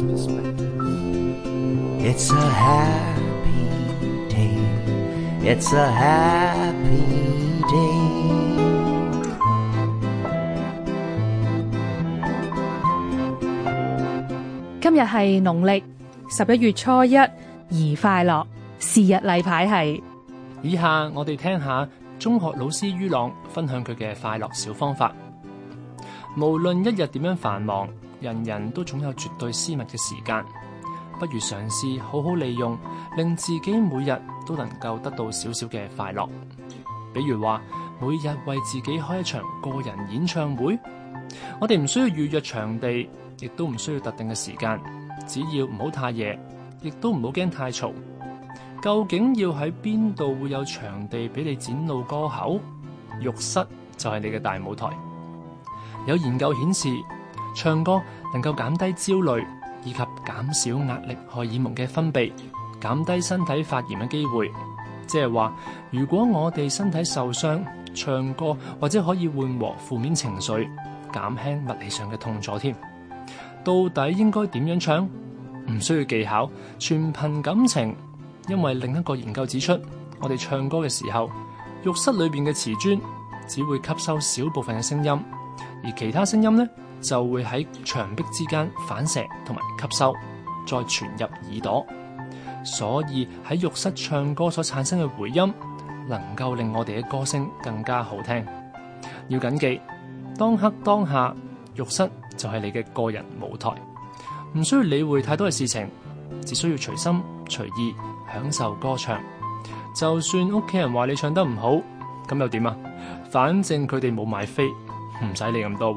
It's a happy day. It's a happy day. 今日係農曆十一月初一，宜快樂。是日例牌係以下，我哋聽下中學老師于朗分享佢嘅快樂小方法。無論一日點樣繁忙。人人都總有絕對私密嘅時間，不如嘗試好好利用，令自己每日都能夠得到少少嘅快樂。比如話，每日為自己開一場個人演唱會，我哋唔需要預約場地，亦都唔需要特定嘅時間，只要唔好太夜，亦都唔好驚太嘈。究竟要喺邊度會有場地俾你展露歌喉？浴室就係你嘅大舞台。有研究顯示。唱歌能夠減低焦慮，以及減少壓力荷爾蒙嘅分泌，減低身體發炎嘅機會。即係話，如果我哋身體受傷，唱歌或者可以緩和負面情緒，減輕物理上嘅痛楚添。到底應該點樣唱？唔需要技巧，全憑感情。因為另一個研究指出，我哋唱歌嘅時候，浴室裏邊嘅瓷磚只會吸收少部分嘅聲音，而其他聲音呢？就會喺牆壁之間反射同埋吸收，再傳入耳朵。所以喺浴室唱歌所產生嘅回音，能夠令我哋嘅歌聲更加好聽。要謹記，當刻當下，浴室就係你嘅個人舞台，唔需要理會太多嘅事情，只需要隨心隨意享受歌唱。就算屋企人話你唱得唔好，咁又點啊？反正佢哋冇買飛，唔使理咁多。